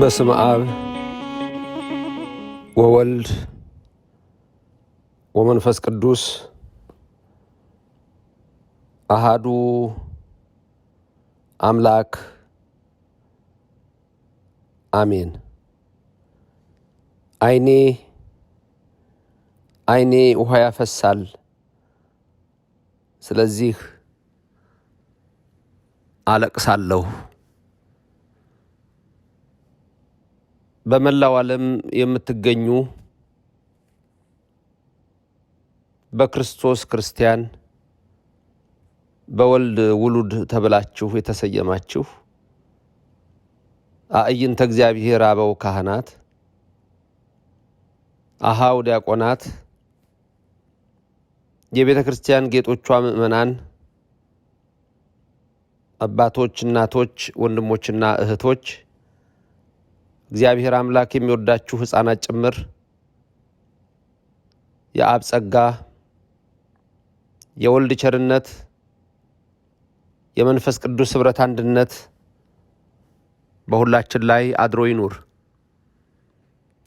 በስም አብ ወወልድ ወመንፈስ ቅዱስ አሃዱ አምላክ አሜን። አይኔ አይኔ ውሃ ያፈሳል፣ ስለዚህ አለቅሳለሁ በመላው ዓለም የምትገኙ በክርስቶስ ክርስቲያን በወልድ ውሉድ ተብላችሁ የተሰየማችሁ አእይንተ እግዚአብሔር አበው ካህናት፣ አሃው ዲያቆናት፣ የቤተ ክርስቲያን ጌጦቿ ምእመናን፣ አባቶች፣ እናቶች፣ ወንድሞችና እህቶች እግዚአብሔር አምላክ የሚወዳችሁ ሕፃናት ጭምር የአብ ጸጋ የወልድ ቸርነት የመንፈስ ቅዱስ ኅብረት አንድነት በሁላችን ላይ አድሮ ይኑር።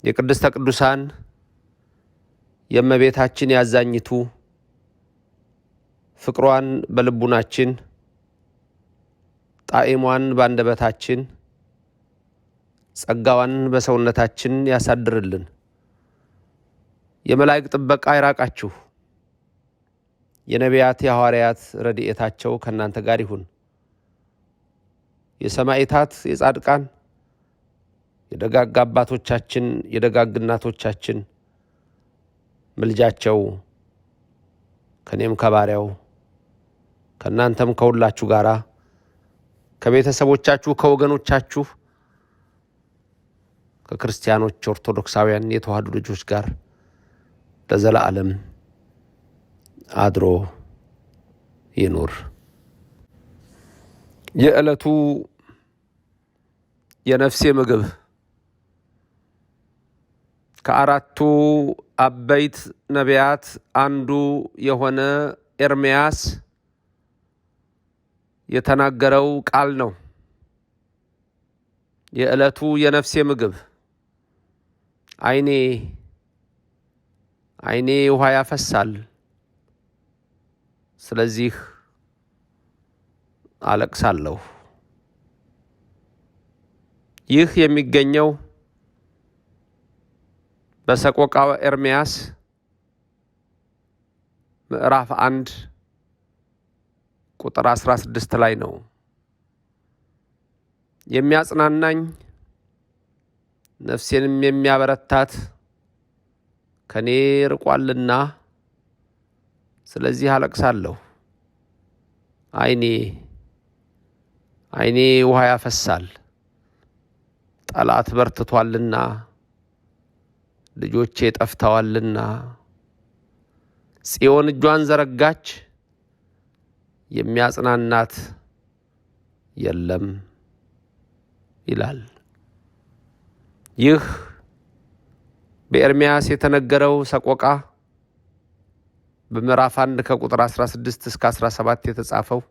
የቅድስተ ቅዱሳን የእመቤታችን ያዛኝቱ ፍቅሯን በልቡናችን ጣዕሟን ባንደበታችን ጸጋዋን በሰውነታችን ያሳድርልን። የመላእክት ጥበቃ ይራቃችሁ። የነቢያት የሐዋርያት ረድኤታቸው ከእናንተ ጋር ይሁን። የሰማዕታት የጻድቃን የደጋግ አባቶቻችን የደጋግ እናቶቻችን ምልጃቸው ከእኔም ከባሪያው ከእናንተም ከሁላችሁ ጋራ ከቤተሰቦቻችሁ ከወገኖቻችሁ ከክርስቲያኖች ኦርቶዶክሳውያን የተዋህዱ ልጆች ጋር ለዘላለም አድሮ ይኑር። የዕለቱ የነፍሴ ምግብ ከአራቱ አበይት ነቢያት አንዱ የሆነ ኤርምያስ የተናገረው ቃል ነው። የዕለቱ የነፍሴ ምግብ አይኔ አይኔ ውሃ ያፈሳል፣ ስለዚህ አለቅሳለሁ። ይህ የሚገኘው በሰቆቃወ ኤርምያስ ምዕራፍ አንድ ቁጥር አስራ ስድስት ላይ ነው። የሚያጽናናኝ ነፍሴንም የሚያበረታት ከኔ ርቋልና፣ ስለዚህ አለቅሳለሁ። ዓይኔ ዓይኔ ውሃ ያፈሳል፣ ጠላት በርትቷልና፣ ልጆቼ ጠፍተዋልና። ጽዮን እጇን ዘረጋች፣ የሚያጽናናት የለም ይላል። ይህ በኤርምያስ የተነገረው ሰቆቃ በምዕራፍ 1 ከቁጥር 16 እስከ 17 የተጻፈው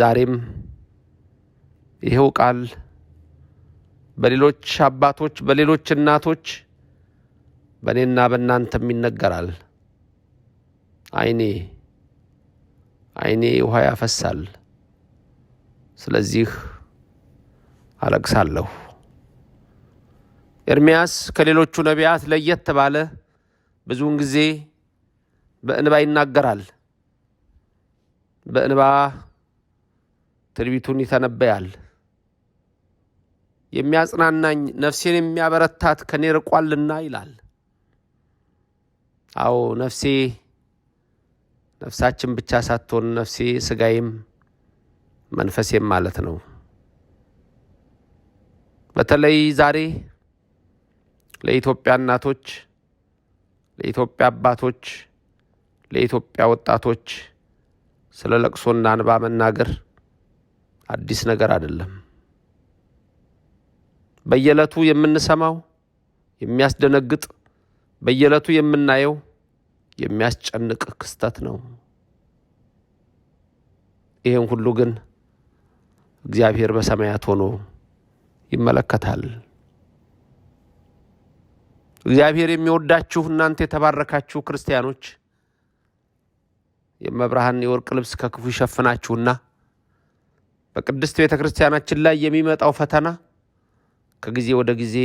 ዛሬም ይኸው ቃል በሌሎች አባቶች፣ በሌሎች እናቶች፣ በእኔና በእናንተም ይነገራል። ዓይኔ ዓይኔ ውሃ ያፈሳል፣ ስለዚህ አለቅሳለሁ። ኤርምያስ ከሌሎቹ ነቢያት ለየት ባለ ብዙውን ጊዜ በእንባ ይናገራል። በእንባ ትንቢቱን ይተነበያል። የሚያጽናናኝ ነፍሴን የሚያበረታት ከኔ ርቋልና ይላል። አዎ ነፍሴ ነፍሳችን ብቻ ሳትሆን ነፍሴ ስጋዬም መንፈሴም ማለት ነው። በተለይ ዛሬ ለኢትዮጵያ እናቶች፣ ለኢትዮጵያ አባቶች፣ ለኢትዮጵያ ወጣቶች ስለ ለቅሶና እንባ መናገር አዲስ ነገር አይደለም። በየዕለቱ የምንሰማው የሚያስደነግጥ፣ በየዕለቱ የምናየው የሚያስጨንቅ ክስተት ነው። ይህን ሁሉ ግን እግዚአብሔር በሰማያት ሆኖ ይመለከታል። እግዚአብሔር የሚወዳችሁ እናንተ የተባረካችሁ ክርስቲያኖች የመብርሃን የወርቅ ልብስ ከክፉ ይሸፍናችሁና በቅድስት ቤተ ክርስቲያናችን ላይ የሚመጣው ፈተና ከጊዜ ወደ ጊዜ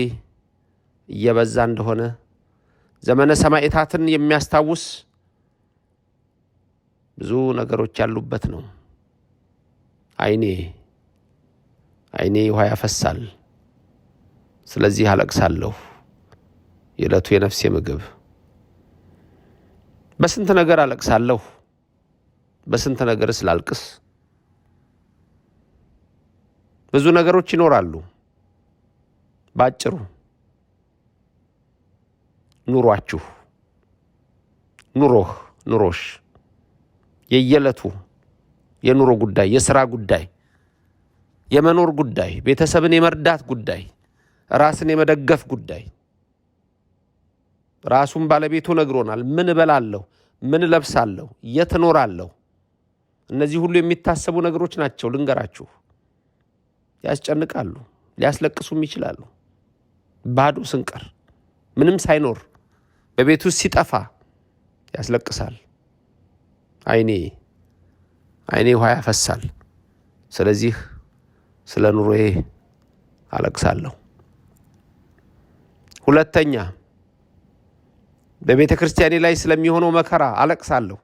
እየበዛ እንደሆነ ዘመነ ሰማዕታትን የሚያስታውስ ብዙ ነገሮች ያሉበት ነው። አይኔ አይኔ ውሃ ያፈሳል፣ ስለዚህ አለቅሳለሁ የዕለቱ የነፍሴ ምግብ። በስንት ነገር አለቅሳለሁ። በስንት ነገር ስላልቅስ ብዙ ነገሮች ይኖራሉ። ባጭሩ ኑሯችሁ፣ ኑሮህ፣ ኑሮሽ፣ የየዕለቱ የኑሮ ጉዳይ፣ የስራ ጉዳይ፣ የመኖር ጉዳይ፣ ቤተሰብን የመርዳት ጉዳይ፣ ራስን የመደገፍ ጉዳይ ራሱን ባለቤቱ ነግሮናል። ምን እበላለሁ፣ ምን ለብሳለሁ፣ የት እኖራለሁ? እነዚህ ሁሉ የሚታሰቡ ነገሮች ናቸው። ልንገራችሁ፣ ያስጨንቃሉ፣ ሊያስለቅሱም ይችላሉ። ባዶ ስንቀር ምንም ሳይኖር በቤት ውስጥ ሲጠፋ ያስለቅሳል። አይኔ አይኔ ውሃ ያፈሳል። ስለዚህ ስለ ኑሮዬ አለቅሳለሁ። ሁለተኛ በቤተ ክርስቲያኔ ላይ ስለሚሆነው መከራ አለቅሳለሁ።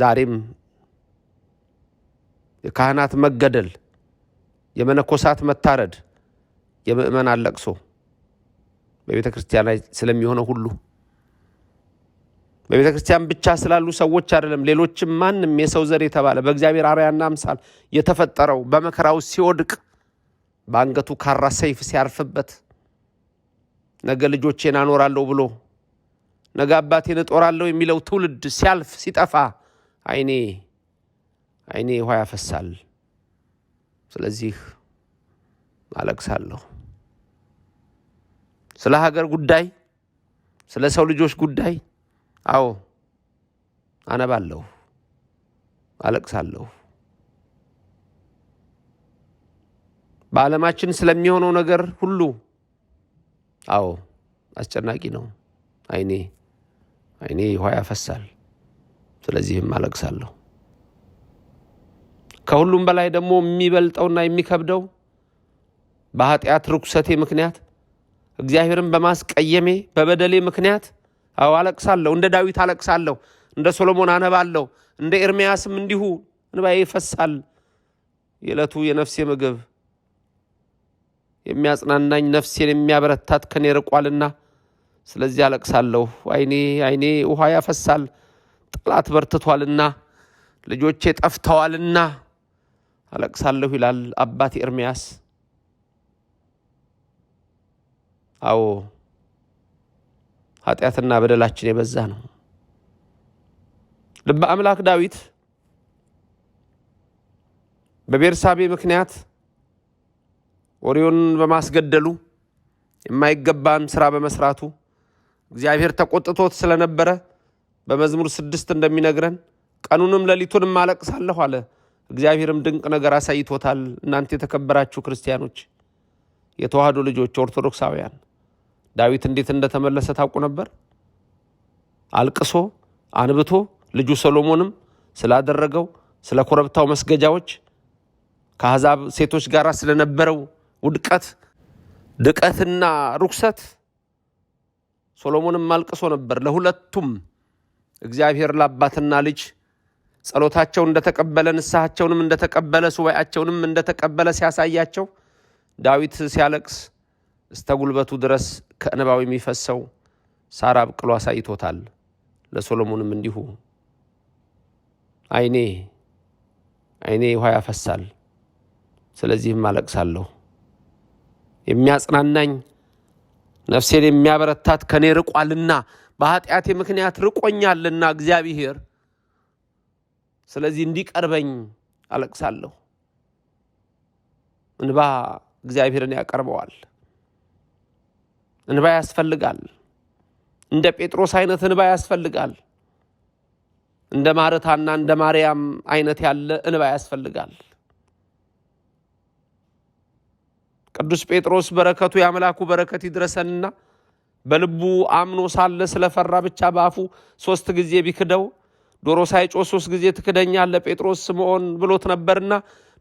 ዛሬም የካህናት መገደል፣ የመነኮሳት መታረድ፣ የምእመናን ለቅሶ በቤተ ክርስቲያን ላይ ስለሚሆነው ሁሉ በቤተ ክርስቲያን ብቻ ስላሉ ሰዎች አይደለም። ሌሎችም ማንም የሰው ዘር የተባለ በእግዚአብሔር አርያና አምሳል የተፈጠረው በመከራው ሲወድቅ በአንገቱ ካራ ሰይፍ ሲያርፍበት ነገ ልጆቼን አኖራለሁ ብሎ ነገ አባቴን እጦራለሁ የሚለው ትውልድ ሲያልፍ ሲጠፋ አይኔ አይኔ ውሃ ያፈሳል። ስለዚህ አለቅሳለሁ። ስለ ሀገር ጉዳይ፣ ስለ ሰው ልጆች ጉዳይ አዎ አነባለሁ፣ አለቅሳለሁ። በዓለማችን ስለሚሆነው ነገር ሁሉ አዎ አስጨናቂ ነው። አይኔ አይኔ ውሃ ያፈሳል፣ ስለዚህም አለቅሳለሁ። ከሁሉም በላይ ደግሞ የሚበልጠውና የሚከብደው በኃጢአት ርኩሰቴ ምክንያት እግዚአብሔርን በማስቀየሜ በበደሌ ምክንያት አዎ አለቅሳለሁ። እንደ ዳዊት አለቅሳለሁ፣ እንደ ሶሎሞን አነባለሁ፣ እንደ ኤርምያስም እንዲሁ እንባዬ ይፈሳል። የዕለቱ የነፍሴ ምግብ የሚያጽናናኝ ነፍሴን የሚያበረታት ከኔ ርቋልና፣ ስለዚህ አለቅሳለሁ። አይኔ አይኔ ውሃ ያፈሳል፣ ጠላት በርትቷልና፣ ልጆቼ ጠፍተዋልና አለቅሳለሁ ይላል አባት ኤርምያስ። አዎ ኃጢአትና በደላችን የበዛ ነው። ልበ አምላክ ዳዊት በቤርሳቤ ምክንያት ኦሪዮንን በማስገደሉ የማይገባም ስራ በመስራቱ እግዚአብሔር ተቆጥቶት ስለነበረ በመዝሙር ስድስት እንደሚነግረን ቀኑንም ሌሊቱንም አለቅሳለሁ አለ። እግዚአብሔርም ድንቅ ነገር አሳይቶታል። እናንተ የተከበራችሁ ክርስቲያኖች፣ የተዋህዶ ልጆች፣ ኦርቶዶክሳውያን ዳዊት እንዴት እንደተመለሰ ታውቁ ነበር? አልቅሶ አንብቶ ልጁ ሰሎሞንም ስላደረገው ስለ ኮረብታው መስገጃዎች ከአሕዛብ ሴቶች ጋር ስለነበረው ውድቀት፣ ድቀትና ርኩሰት። ሶሎሞንም አልቅሶ ነበር። ለሁለቱም እግዚአብሔር ለአባትና ልጅ ጸሎታቸው እንደተቀበለ ንስሐቸውንም እንደተቀበለ ሱባኤያቸውንም እንደተቀበለ ሲያሳያቸው ዳዊት ሲያለቅስ እስተ ጉልበቱ ድረስ ከእንባው የሚፈሰው ሳር አብቅሎ አሳይቶታል። ለሶሎሞንም እንዲሁ አይኔ አይኔ ውሃ ያፈሳል፣ ስለዚህም አለቅሳለሁ የሚያጽናናኝ ነፍሴን የሚያበረታት ከእኔ ርቋልና በኃጢአቴ ምክንያት ርቆኛልና እግዚአብሔር። ስለዚህ እንዲቀርበኝ አለቅሳለሁ። እንባ እግዚአብሔርን ያቀርበዋል። እንባ ያስፈልጋል። እንደ ጴጥሮስ አይነት እንባ ያስፈልጋል። እንደ ማርታና እንደ ማርያም አይነት ያለ እንባ ያስፈልጋል። ቅዱስ ጴጥሮስ በረከቱ የአምላኩ በረከት ይድረሰንና በልቡ አምኖ ሳለ ስለፈራ ብቻ በአፉ ሶስት ጊዜ ቢክደው ዶሮ ሳይጮ ሶስት ጊዜ ትክደኛለህ ጴጥሮስ ስምዖን ብሎት ነበርና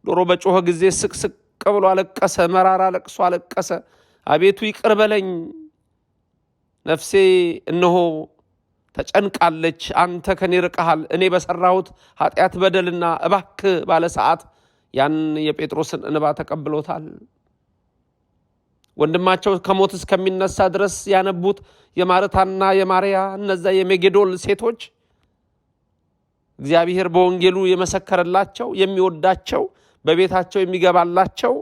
ዶሮ በጮኸ ጊዜ ስቅስቅ ብሎ አለቀሰ። መራራ ለቅሶ አለቀሰ። አቤቱ ይቅር በለኝ ነፍሴ እነሆ ተጨንቃለች፣ አንተ ከኔ ርቀሃል፣ እኔ በሰራሁት ኃጢአት በደልና እባክ ባለ ሰዓት ያን የጴጥሮስን እንባ ተቀብሎታል። ወንድማቸው ከሞት እስከሚነሳ ድረስ ያነቡት የማርታና የማርያ እነዛ የሜጌዶል ሴቶች እግዚአብሔር በወንጌሉ የመሰከረላቸው የሚወዳቸው በቤታቸው የሚገባላቸው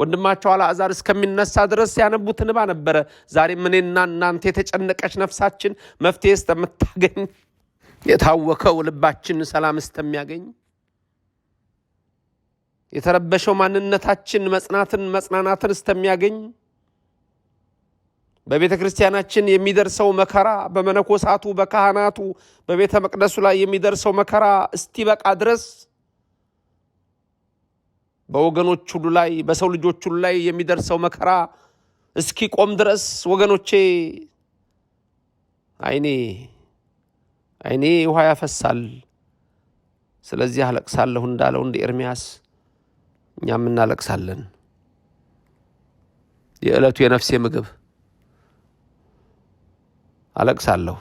ወንድማቸው አልዓዛር እስከሚነሳ ድረስ ያነቡት እንባ ነበረ። ዛሬ እኔና እናንተ የተጨነቀች ነፍሳችን መፍትሄ እስከምታገኝ የታወከው ልባችን ሰላም እስከሚያገኝ የተረበሸው ማንነታችን መጽናትን መጽናናትን እስተሚያገኝ በቤተ ክርስቲያናችን የሚደርሰው መከራ በመነኮሳቱ በካህናቱ በቤተ መቅደሱ ላይ የሚደርሰው መከራ እስቲበቃ ድረስ በወገኖች ሁሉ ላይ በሰው ልጆች ሁሉ ላይ የሚደርሰው መከራ እስኪቆም ድረስ ወገኖቼ አይኔ አይኔ ውሃ ያፈሳል፣ ስለዚህ አለቅሳለሁ እንዳለው እንደ ኤርምያስ እኛም እናለቅሳለን። የዕለቱ የነፍሴ ምግብ አለቅሳለሁ።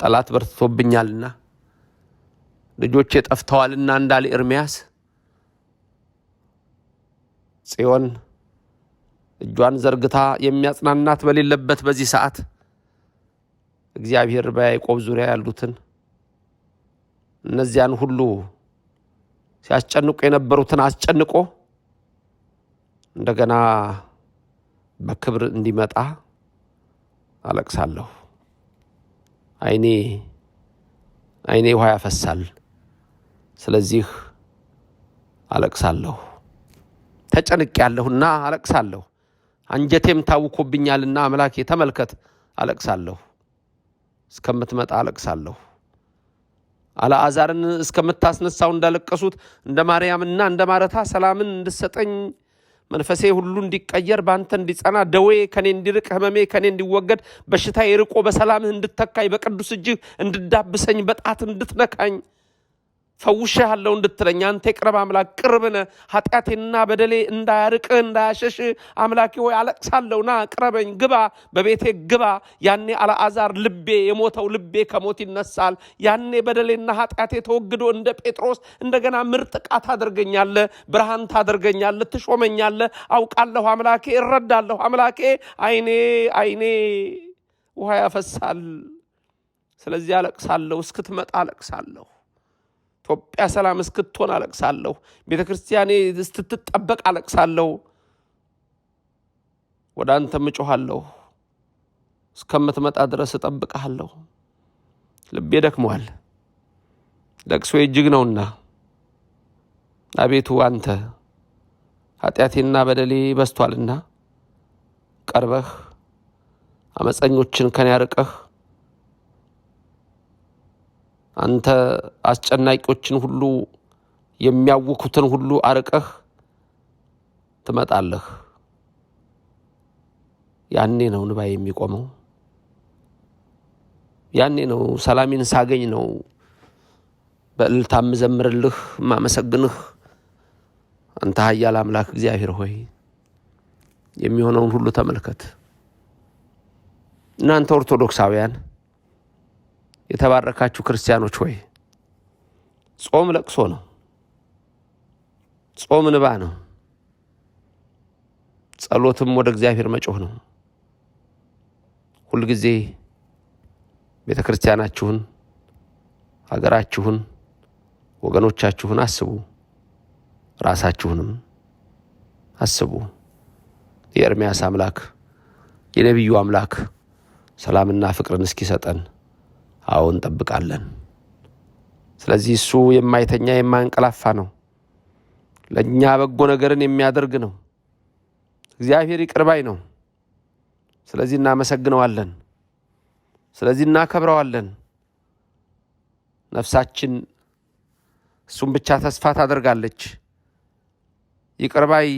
ጠላት በርትቶብኛልና ልጆቼ ጠፍተዋልና እንዳለ ኤርምያስ ጽዮን እጇን ዘርግታ የሚያጽናናት በሌለበት በዚህ ሰዓት እግዚአብሔር በያዕቆብ ዙሪያ ያሉትን እነዚያን ሁሉ ሲያስጨንቁ የነበሩትን አስጨንቆ እንደገና በክብር እንዲመጣ አለቅሳለሁ። አይኔ አይኔ ውሃ ያፈሳል። ስለዚህ አለቅሳለሁ። ተጨንቅ ያለሁና አለቅሳለሁ። አንጀቴም ታውኮብኛልና አምላኬ ተመልከት፣ አለቅሳለሁ። እስከምትመጣ አለቅሳለሁ። አልዓዛርን እስከምታስነሳው እንዳለቀሱት እንደ ማርያምና እንደ ማረታ ሰላምን እንድሰጠኝ መንፈሴ ሁሉ እንዲቀየር በአንተ እንዲጸና ደዌ ከኔ እንዲርቅ ህመሜ ከኔ እንዲወገድ በሽታ የርቆ በሰላምህ እንድተካኝ በቅዱስ እጅህ እንድዳብሰኝ በጣት እንድትነካኝ ፈውሼሃለሁ እንድትለኝ አንተ የቅረብ አምላክ ቅርብነ ኃጢአቴና በደሌ እንዳያርቅህ እንዳያሸሽህ አምላኬ ሆይ አለቅሳለሁ። ና ቅረበኝ፣ ግባ፣ በቤቴ ግባ። ያኔ አልዓዛር ልቤ የሞተው ልቤ ከሞት ይነሳል። ያኔ በደሌና ኃጢአቴ ተወግዶ እንደ ጴጥሮስ እንደገና ምርጥቃ ታደርገኛለ፣ ብርሃን ታደርገኛለ፣ ትሾመኛለ። አውቃለሁ አምላኬ፣ እረዳለሁ አምላኬ። አይኔ አይኔ ውሃ ያፈሳል፣ ስለዚህ አለቅሳለሁ፣ እስክትመጣ አለቅሳለሁ። ኢትዮጵያ ሰላም እስክትሆን አለቅሳለሁ። ቤተ ክርስቲያኔ እስክትጠበቅ አለቅሳለሁ። ወደ አንተ ምጮኋለሁ። እስከምትመጣ ድረስ እጠብቀሃለሁ። ልቤ ደክሟል፣ ለቅሶ እጅግ ነውና አቤቱ አንተ ኃጢአቴና በደሌ በስቷልና ቀርበህ አመፀኞችን ከኔ ያርቀህ አንተ አስጨናቂዎችን ሁሉ የሚያውኩትን ሁሉ አርቀህ ትመጣለህ። ያኔ ነው ንባ የሚቆመው። ያኔ ነው ሰላሜን ሳገኝ ነው በእልልታ ምዘምርልህ ማመሰግንህ። አንተ ኃያል አምላክ እግዚአብሔር ሆይ የሚሆነውን ሁሉ ተመልከት። እናንተ ኦርቶዶክሳውያን የተባረካችሁ ክርስቲያኖች ሆይ ጾም ለቅሶ ነው። ጾም ንባ ነው። ጸሎትም ወደ እግዚአብሔር መጮህ ነው። ሁልጊዜ ቤተ ክርስቲያናችሁን፣ ሀገራችሁን፣ ወገኖቻችሁን አስቡ። ራሳችሁንም አስቡ። የኤርምያስ አምላክ የነቢዩ አምላክ ሰላምና ፍቅርን እስኪሰጠን አዎ እንጠብቃለን። ስለዚህ እሱ የማይተኛ የማያንቀላፋ ነው። ለእኛ በጎ ነገርን የሚያደርግ ነው። እግዚአብሔር ይቅርባይ ነው። ስለዚህ እናመሰግነዋለን። ስለዚህ እናከብረዋለን። ነፍሳችን እሱም ብቻ ተስፋ ታደርጋለች። ይቅርባይ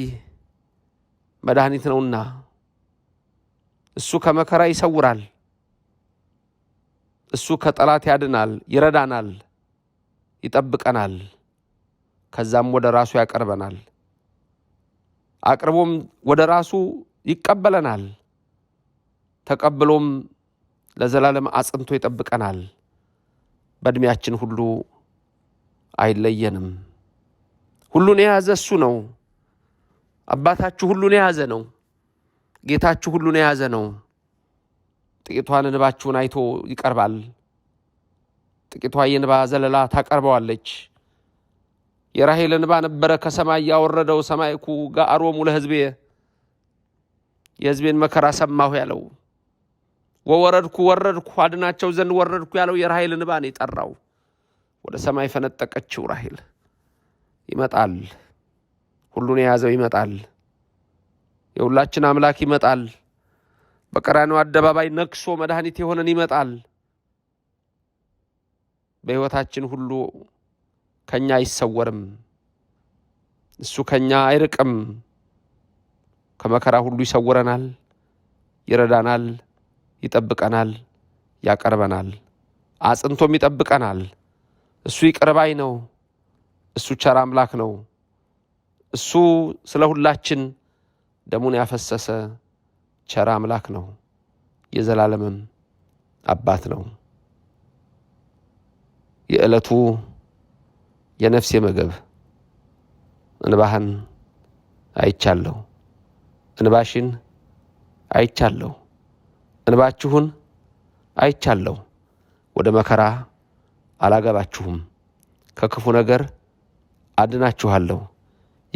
መድኃኒት ነውና እሱ ከመከራ ይሰውራል። እሱ ከጠላት ያድናል፣ ይረዳናል፣ ይጠብቀናል። ከዛም ወደ ራሱ ያቀርበናል። አቅርቦም ወደ ራሱ ይቀበለናል። ተቀብሎም ለዘላለም አጽንቶ ይጠብቀናል። በዕድሜያችን ሁሉ አይለየንም። ሁሉን የያዘ እሱ ነው። አባታችሁ ሁሉን የያዘ ነው። ጌታችሁ ሁሉን የያዘ ነው። ጥቂቷን እንባችሁን አይቶ ይቀርባል። ጥቂቷ የንባ ዘለላ ታቀርበዋለች። የራሄል እንባ ነበረ ከሰማይ ያወረደው ሰማይኩ ጋአሮሙ ለሕዝቤ የሕዝቤን መከራ ሰማሁ ያለው ወወረድኩ ወረድኩ አድናቸው ዘንድ ወረድኩ ያለው የራሄል እንባን ነው የጠራው። ወደ ሰማይ ፈነጠቀችው ራሄል ይመጣል፣ ሁሉን የያዘው ይመጣል፣ የሁላችን አምላክ ይመጣል። በቀራንዮ አደባባይ ነክሶ መድኃኒት የሆነን ይመጣል። በሕይወታችን ሁሉ ከእኛ አይሰወርም። እሱ ከእኛ አይርቅም። ከመከራ ሁሉ ይሰውረናል፣ ይረዳናል፣ ይጠብቀናል፣ ያቀርበናል፣ አጽንቶም ይጠብቀናል። እሱ ይቅርባይ ነው። እሱ ቸር አምላክ ነው። እሱ ስለ ሁላችን ደሙን ያፈሰሰ ቸራ አምላክ ነው፣ የዘላለምም አባት ነው። የዕለቱ የነፍሴ ምግብ እንባህን አይቻለሁ፣ እንባሽን አይቻለሁ፣ እንባችሁን አይቻለሁ። ወደ መከራ አላገባችሁም፣ ከክፉ ነገር አድናችኋለሁ፣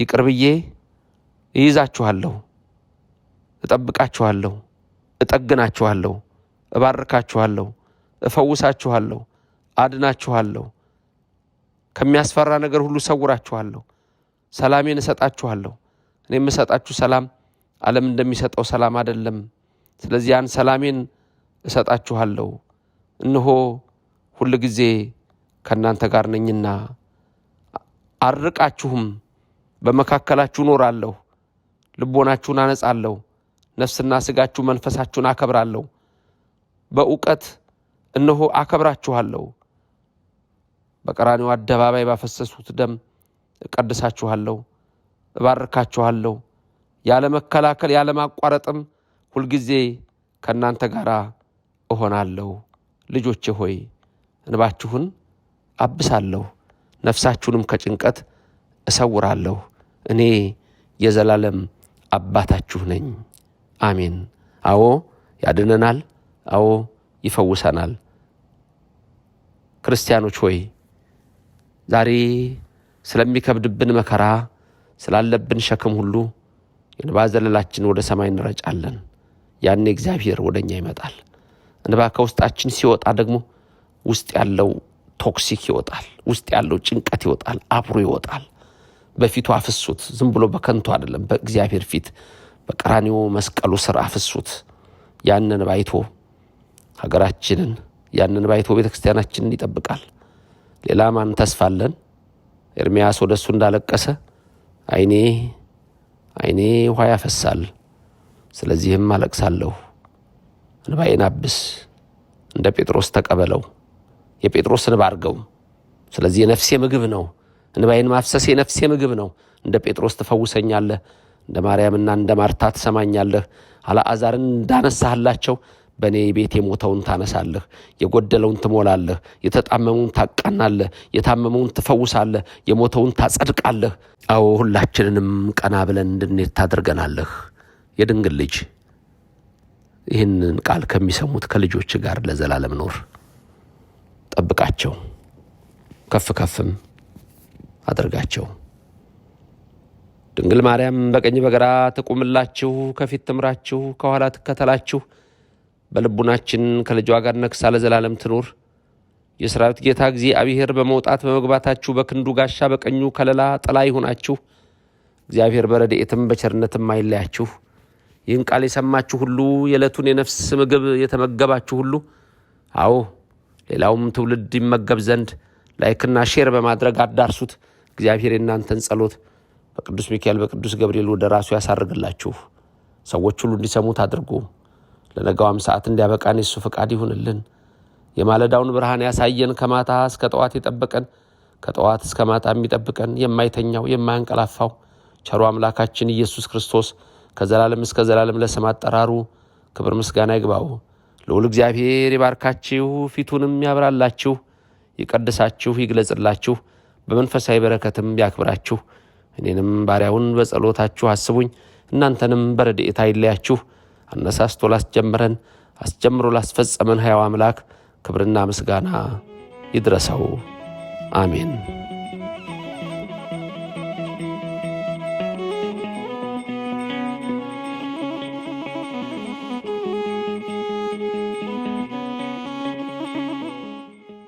ይቅር ብዬ እይዛችኋለሁ። እጠብቃችኋለሁ፣ እጠግናችኋለሁ፣ እባርካችኋለሁ፣ እፈውሳችኋለሁ፣ አድናችኋለሁ፣ ከሚያስፈራ ነገር ሁሉ ሰውራችኋለሁ፣ ሰላሜን እሰጣችኋለሁ። እኔ የምሰጣችሁ ሰላም ዓለም እንደሚሰጠው ሰላም አይደለም። ስለዚህ ያን ሰላሜን እሰጣችኋለሁ። እነሆ ሁል ጊዜ ከእናንተ ጋር ነኝና አርቃችሁም በመካከላችሁ እኖራለሁ፣ ልቦናችሁን አነጻለሁ። ነፍስና ስጋችሁ መንፈሳችሁን አከብራለሁ። በእውቀት እነሆ አከብራችኋለሁ። በቀራኒው አደባባይ ባፈሰሱት ደም እቀድሳችኋለሁ፣ እባርካችኋለሁ። ያለ መከላከል ያለ ማቋረጥም ሁልጊዜ ከእናንተ ጋር እሆናለሁ። ልጆቼ ሆይ እንባችሁን አብሳለሁ፣ ነፍሳችሁንም ከጭንቀት እሰውራለሁ። እኔ የዘላለም አባታችሁ ነኝ። አሜን። አዎ ያድነናል። አዎ ይፈውሰናል። ክርስቲያኖች ሆይ ዛሬ ስለሚከብድብን መከራ፣ ስላለብን ሸክም ሁሉ እንባ ዘለላችን ወደ ሰማይ እንረጫለን። ያኔ እግዚአብሔር ወደ እኛ ይመጣል። እንባ ከውስጣችን ሲወጣ ደግሞ ውስጥ ያለው ቶክሲክ ይወጣል። ውስጥ ያለው ጭንቀት ይወጣል፣ አብሮ ይወጣል። በፊቱ አፍሱት። ዝም ብሎ በከንቱ አይደለም፣ በእግዚአብሔር ፊት በቀራኒዎ መስቀሉ ስር አፍሱት። ያንን ባይቶ ሀገራችንን ያንን ባይቶ ቤተ ክርስቲያናችንን ይጠብቃል። ሌላ ማን ተስፋ አለን? ኤርምያስ ወደ እሱ እንዳለቀሰ አይኔ አይኔ ውሃ ያፈሳል፣ ስለዚህም አለቅሳለሁ። እንባዬን አብስ፣ እንደ ጴጥሮስ ተቀበለው፣ የጴጥሮስ እንባ አርገው ስለዚህ የነፍሴ ምግብ ነው። እንባዬን ማፍሰስ የነፍሴ ምግብ ነው። እንደ ጴጥሮስ ትፈውሰኛለህ። እንደ ማርያምና እንደ ማርታ ትሰማኛለህ። አልዓዛርን እንዳነሳህላቸው በእኔ ቤት የሞተውን ታነሳለህ፣ የጎደለውን ትሞላለህ፣ የተጣመመውን ታቃናለህ፣ የታመመውን ትፈውሳለህ፣ የሞተውን ታጸድቃለህ። አዎ ሁላችንንም ቀና ብለን እንድንሄድ ታደርገናለህ። የድንግል ልጅ ይህንን ቃል ከሚሰሙት ከልጆች ጋር ለዘላለም ኖር፣ ጠብቃቸው፣ ከፍ ከፍም አድርጋቸው። ድንግል ማርያም በቀኝ በግራ ትቁምላችሁ፣ ከፊት ትምራችሁ፣ ከኋላ ትከተላችሁ። በልቡናችን ከልጇ ጋር ነግሳ ለዘላለም ትኑር። የሰራዊት ጌታ እግዚአብሔር በመውጣት በመግባታችሁ በክንዱ ጋሻ በቀኙ ከለላ ጥላ ይሁናችሁ። እግዚአብሔር በረድኤትም በቸርነትም አይለያችሁ። ይህን ቃል የሰማችሁ ሁሉ የዕለቱን የነፍስ ምግብ የተመገባችሁ ሁሉ አዎ ሌላውም ትውልድ ይመገብ ዘንድ ላይክና ሼር በማድረግ አዳርሱት። እግዚአብሔር የእናንተን ጸሎት በቅዱስ ሚካኤል በቅዱስ ገብርኤል ወደ ራሱ ያሳርግላችሁ። ሰዎች ሁሉ እንዲሰሙት አድርጉ። ለነጋውም ሰዓት እንዲያበቃን የሱ ፈቃድ ይሁንልን። የማለዳውን ብርሃን ያሳየን፣ ከማታ እስከ ጠዋት የጠበቀን፣ ከጠዋት እስከ ማታ የሚጠብቀን የማይተኛው የማያንቀላፋው ቸሩ አምላካችን ኢየሱስ ክርስቶስ ከዘላለም እስከ ዘላለም ለስም አጠራሩ ክብር ምስጋና ይግባው። ልዑል እግዚአብሔር ይባርካችሁ፣ ፊቱንም ያብራላችሁ፣ ይቀድሳችሁ፣ ይግለጽላችሁ፣ በመንፈሳዊ በረከትም ያክብራችሁ። እኔንም ባሪያውን በጸሎታችሁ አስቡኝ፣ እናንተንም በረድኤት አይለያችሁ። አነሳስቶ ላስጀመረን አስጀምሮ ላስፈጸመን ሕያው አምላክ ክብርና ምስጋና ይድረሰው። አሜን።